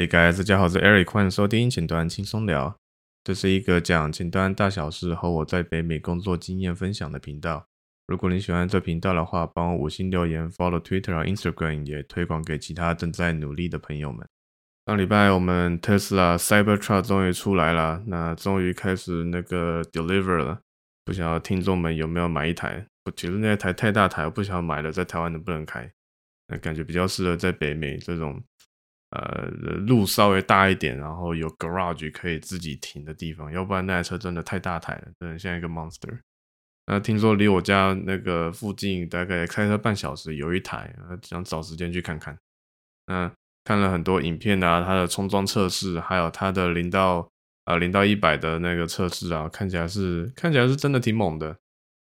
Hey guys，大家好，我是 Eric，歡迎收聽前端輕鬆聊。這是一個講前端大小事和我在北美工作經驗分享的頻道。如果你喜歡這頻道的話，幫我五星留言，follow Twitter 和 Instagram，也推廣給其他正在努力的朋友們。上禮拜我們 Tesla Cybertruck 終於出來了，那終於開始那個 deliver 了。不曉得聽眾們有沒有買一台？我覺得那台太大台，我不想買了，在台灣能不能開？那感覺比較適合在北美這種。呃，路稍微大一點，然後有 garage 可以自己停的地方，要不然那台車真的太大台了，真的像一個 monster。那聽說離我家那個附近大概開車半小時有一台，啊，想找時間去看看。那看了很多影片啊，它的衝撞測試，還有它的零到啊零、呃、到一百的那個測試啊，看起來是看起來是真的挺猛的，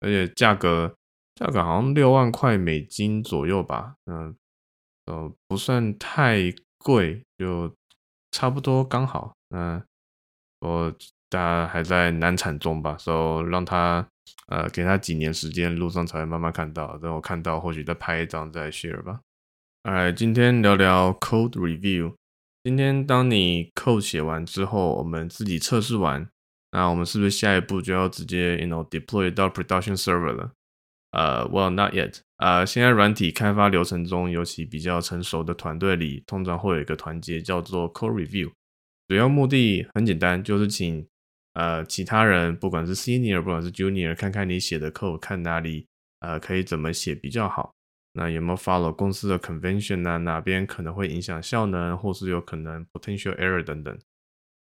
而且價格價格好像六萬塊美金左右吧，嗯呃，呃不算太。貴就差不多剛好，嗯、呃，我，大家還在難產中吧，所、so, 以讓他呃給他幾年時間，路上才會慢慢看到。等我看到，或許再拍一張再 share 吧。哎，今天聊聊 code review。今天當你 code 寫完之後，我們自己測試完，那我們是不是下一步就要直接，you know，deploy 到 production server 了？呃、uh、Well, not yet。呃，現在軟體開發流程中，尤其比較成熟的團隊裡，通常會有一個環節叫做 code review。主要目的很簡單，就是請呃、uh, 其他人，不管是 senior 不管是 junior，看看你寫的 code，看哪裡呃、uh, 可以怎麼寫比較好。那有沒有 follow 公司的 convention 呢、啊？哪邊可能會影響效能，或是有可能 potential error 等等。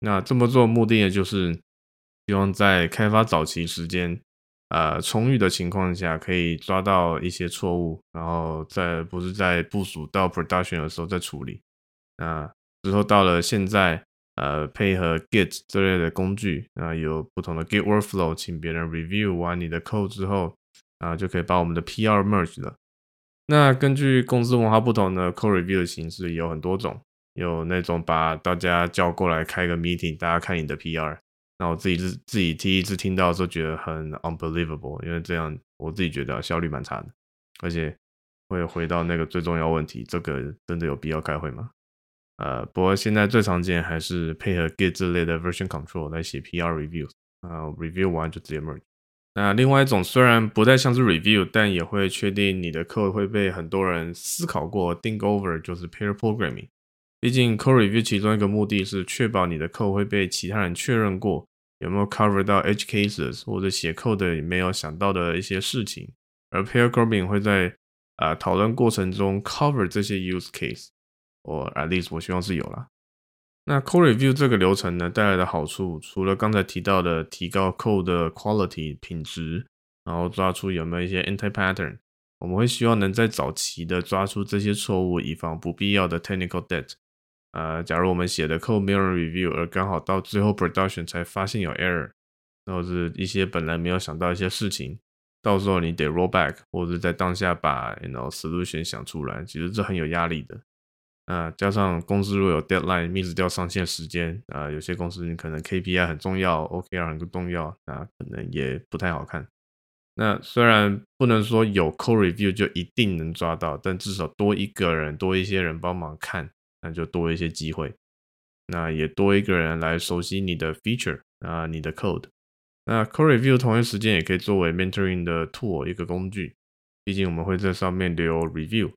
那這麼做目的也就是希望在開發早期時間，呃，充裕的情況下，可以抓到一些錯誤，然後在不是在部署到 production 的時候再處理。那、呃、之後到了現在，呃，配合 Git 這類的工具，啊、呃，有不同的 Git workflow，請別人 review 完你的 code 之後，啊、呃，就可以把我們的 PR merge 了。那根據公司文化不同的 code review 的形式有很多種。有那種把大家叫過來開個 meeting，大家看你的 PR，那我自己自自己第一次聽到的時候覺得很 unbelievable，因為這樣我自己覺得效率蠻差的，而且會回到那個最重要問題，這個真的有必要開會嗎？呃，不過現在最常見還是配合 Git 之類的 version control 來寫 PR review，呃，review 完就直接 merge。那另外一種雖然不太像是 review，但也會確定你的 code 會被很多人思考過，think over 就是 pair programming。畢竟 code review 其中一個目的是確保你的 code 會被其他人確認過，有沒有 cover 到 edge cases 或者寫 code 的你沒有想到的一些事情。而 pair coding 會在啊、呃、討論過程中 cover 這些 use case，我 at least 我希望是有啦。那 code review 這個流程呢，帶來的好處，除了剛才提到的提高 code 的 quality 品質，然後抓出有沒有一些 anti-pattern，我們會希望能在早期的抓出這些錯誤，以防不必要的 technical debt。啊，假如我們寫的 code 沒有 review，而剛好到最後 production 才發現有 error，然後是一些本來沒有想到一些事情，到時候你得 rollback 或者是在當下把 you know solution 想出來，其實這很有壓力的。啊，加上公司如果有 deadline，miss 掉上線時間，啊，有些公司你可能 KPI 很重要，OKR 很重要，那可能也不太好看。那雖然不能說有 code review 就一定能抓到，但至少多一個人，多一些人幫忙看。那就多一些機會，那也多一個人來熟悉你的 feature 啊，你的 code。那 code review 同一時間也可以作為 mentoring 的 tool 一個工具，畢竟我們會在上面留 review，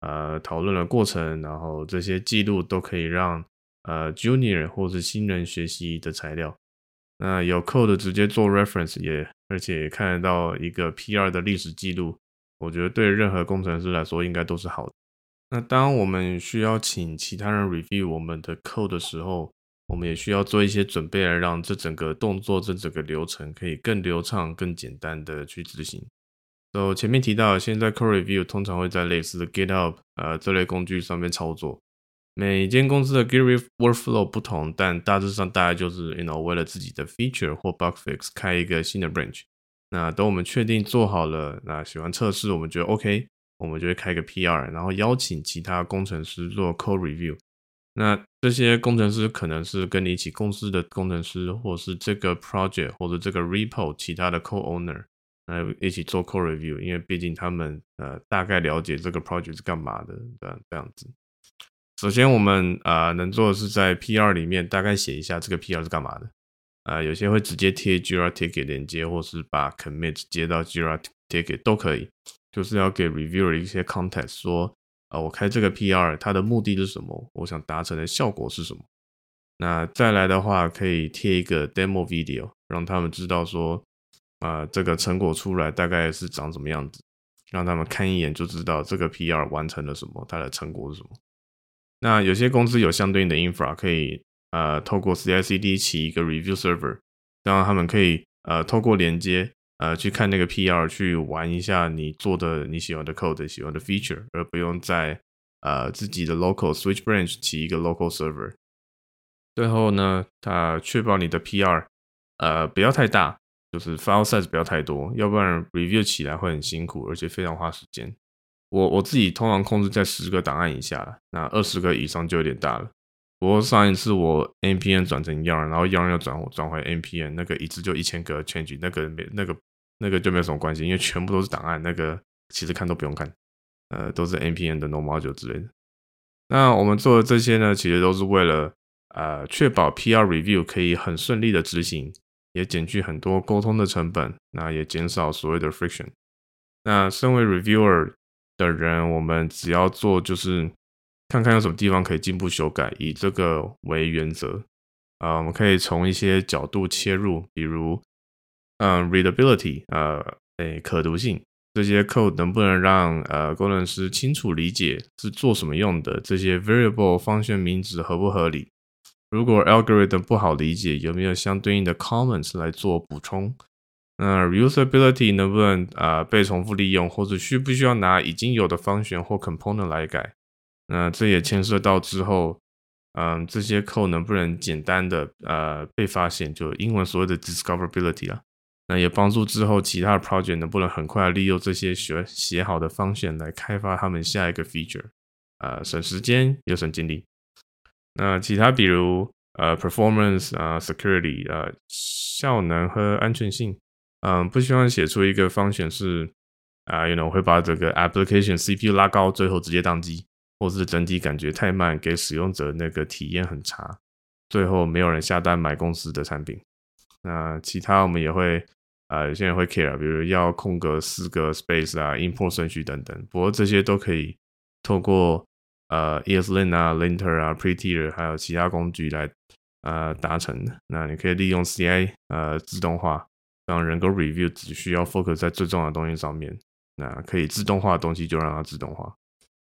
呃，討論的過程，然後這些記錄都可以讓呃 junior 或是新人學習的材料。那有 code 直接做 reference 也，而且也看得到一個 PR 的歷史記錄，我覺得對任何工程師來說應該都是好的。那當我們需要請其他人 review 我們的 code 的時候，我們也需要做一些準備，來讓這整個動作、這整個流程可以更流暢、更簡單的去執行。所以前面提到，現在 code review 通常會在類似的 GitHub 呃這類工具上面操作。每間公司的 Git workflow 不同，但大致上大概就是，you know 為了自己的 feature 或 bug fix 開一個新的 branch。那等我們確定做好了，那喜歡測試，我們覺得 OK。我們就會開一個 PR，然後邀請其他工程師做 Code Review。那這些工程師可能是跟你一起公司的工程師，或是這個 Project 或者這個 Repo 其他的 Co Owner 來一起做 Code Review，因為畢竟他們呃大概了解這個 Project 是幹嘛的這樣子。首先我們啊、呃、能做的是在 PR 裡面大概寫一下這個 PR 是幹嘛的。啊、呃、有些會直接貼 Jira Ticket 連接，或是把 Commit 接到 Jira Ticket 都可以。就是要給 reviewer 一些 context，說，啊、呃，我開這個 PR，它的目的是什麼？我想達成的效果是什麼？那再來的話，可以貼一個 demo video，讓他們知道說，啊、呃，這個成果出來大概是長什麼樣子，讓他們看一眼就知道這個 PR 完成了什麼，它的成果是什麼。那有些公司有相對應的 infra，可以，呃，透過 CI/CD 起一個 review server，讓他們可以，呃，透過連接。呃，去看那個 PR，去玩一下你做的你喜歡的 code，喜歡的 feature，而不用在呃自己的 local switch branch 起一個 local server。最後呢，它確保你的 PR 呃不要太大，就是 file size 不要太多，要不然 review 起來會很辛苦，而且非常花時間。我我自己通常控制在十個檔案以下，那二十個以上就有點大了。我上一次我 npm 轉成 yarn，然後 yarn 又轉轉回 npm，那個一次就一千個 change，那個沒那個。那個就沒有什麼關係，因為全部都是檔案。那個其實看都不用看，呃，都是 NPM 的 node_modules 之類的。那我們做的這些呢，其實都是為了呃確保 PR Review 可以很順利的執行，也減去很多溝通的成本，那也減少所謂的 Friction。那身為 Reviewer 的人，我們只要做就是看看有什麼地方可以進一步修改，以這個為原則啊、呃，我們可以從一些角度切入，比如。嗯，readability，呃，哎、uh, uh,，可讀性，這些 code 能不能讓呃、uh, 工程師清楚理解是做什麼用的？這些 variable 方旋名字合不合理？如果 algorithm 不好理解，有沒有相對應的 comments 來做補充？那 reusability 能不能呃被、uh, 重複利用，或者需不需要拿已經有的方旋或 component 來改？那這也牽涉到之後，嗯，這些 code 能不能簡單的呃被發現？就英文所謂的 discoverability 啊。那也幫助之後其他的 project 能不能很快利用這些學寫好的 function 來開發他們下一個 feature，呃，省時間又省精力。那其他比如呃 performance 啊、呃、，security 啊、呃，效能和安全性，嗯、呃，不希望寫出一個 function 是啊、呃、，you know 會把這個 application CPU 拉高，最後直接宕機，或是整體感覺太慢，給使用者那個體驗很差，最後沒有人下單買公司的產品。那其他我們也會，呃，有些人會 care，比如要空格四個 space 啊，import 順序等等，不過這些都可以透過呃 ESLint 啊，Linter 啊，Prettier 還有其他工具來呃達成的。那你可以利用 CI 呃自動化，讓人工 review 只需要 focus 在最重要的東西上面。那可以自動化的東西就讓它自動化。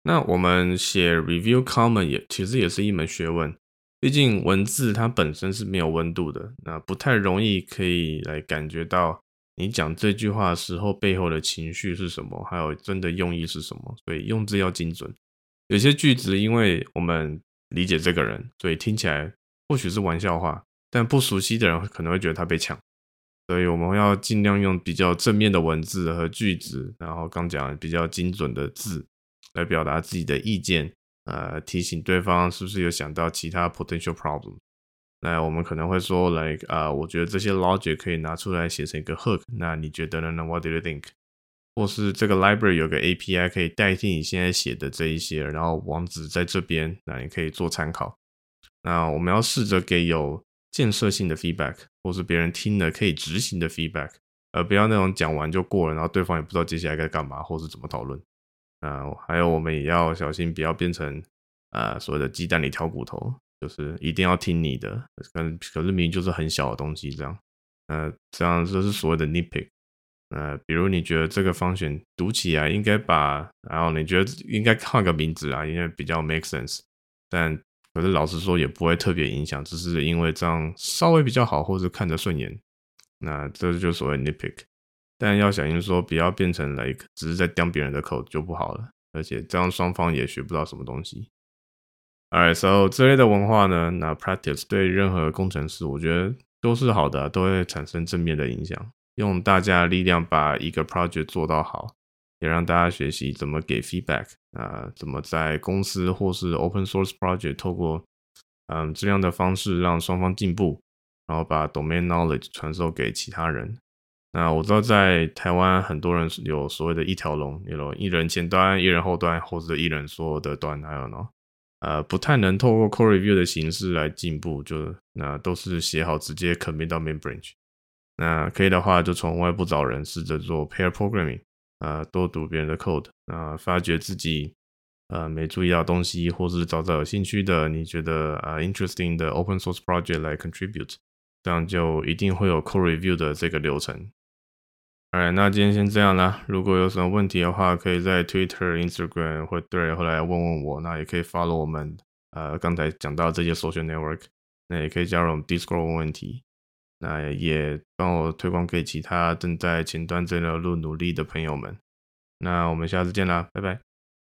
那我們寫 review comment 也其實也是一門學問。畢竟文字它本身是沒有溫度的，那不太容易可以來感覺到你講這句話的時候背後的情緒是什麼，還有真的用意是什麼，所以用字要精準。有些句子因為我們理解這個人，所以聽起來或許是玩笑話，但不熟悉的人可能會覺得他被嗆。所以我們要盡量用比較正面的文字和句子，然後剛講比較精準的字來表達自己的意見。呃，提醒對方是不是有想到其他 potential problem？那我們可能會說，like 啊，呃，我覺得這些 logic 可以拿出來寫成一個 hook。那你覺得呢？那，那 What do you think？或是這個 library 有個 API 可以代替你現在寫的這一些，然後網址在這邊，那你可以做參考。那我們要試着給有建設性的 feedback，或是別人聽了可以執行的 feedback，呃，不要那種講完就過了，然後對方也不知道接下來該幹嘛，或是怎麼討論。呃，還有我們也要小心，不要變成呃所謂的雞蛋裡挑骨頭，就是一定要聽你的。可可是明明就是很小的東西，這樣，呃，這樣就是所謂的 nitpick。呃，比如你覺得這個 function 讀起來應該把，然後你覺得應該換個名字啊，應該比較 make sense。但可是老實說也不會特別影響，只是因為這樣稍微比較好，或者看着順眼，那、呃、這就是所謂的 nitpick。但要小心，說不要變成 like，只是在釘別人的 code 就不好了。而且這樣雙方也學不到什麼東西。Alright，so 這類的文化呢，那 practice 對任何工程師，我覺得都是好的，啊，都會產生正面的影響。用大家的力量把一個 project 做到好，也讓大家學習怎麼給 feedback 啊，怎麼在公司或是 open source project 透過嗯這樣的方式讓雙方進步，然後把 domain knowledge 傳授給其他人。那我知道在台灣很多人有所謂的一條龍，例如, you know, 一人前端，一人後端，或者一人所有的端，還有呢，呃，不太能透過 code review 的形式來進步，就那、呃、都是寫好直接 commit 到 main branch。那可以的話，就從外部找人試着做 pair programming，呃，多讀別人的 code，那、呃、發覺自己呃沒注意到東西，或是找找有興趣的，你覺得啊、呃、interesting 的 open source project 來 contribute，這樣就一定會有 code review 的這個流程。好，Alright, 那今天先這樣啦，如果有什麼問題的話，可以在 Twitter、Instagram 或者後來問問我。那也可以 follow 我們，呃，剛才講到這些 social network，那也可以加入我們 Discord 問問題。那也幫我推廣給其他正在前端這條路努力的朋友們。那我們下次見啦，拜拜。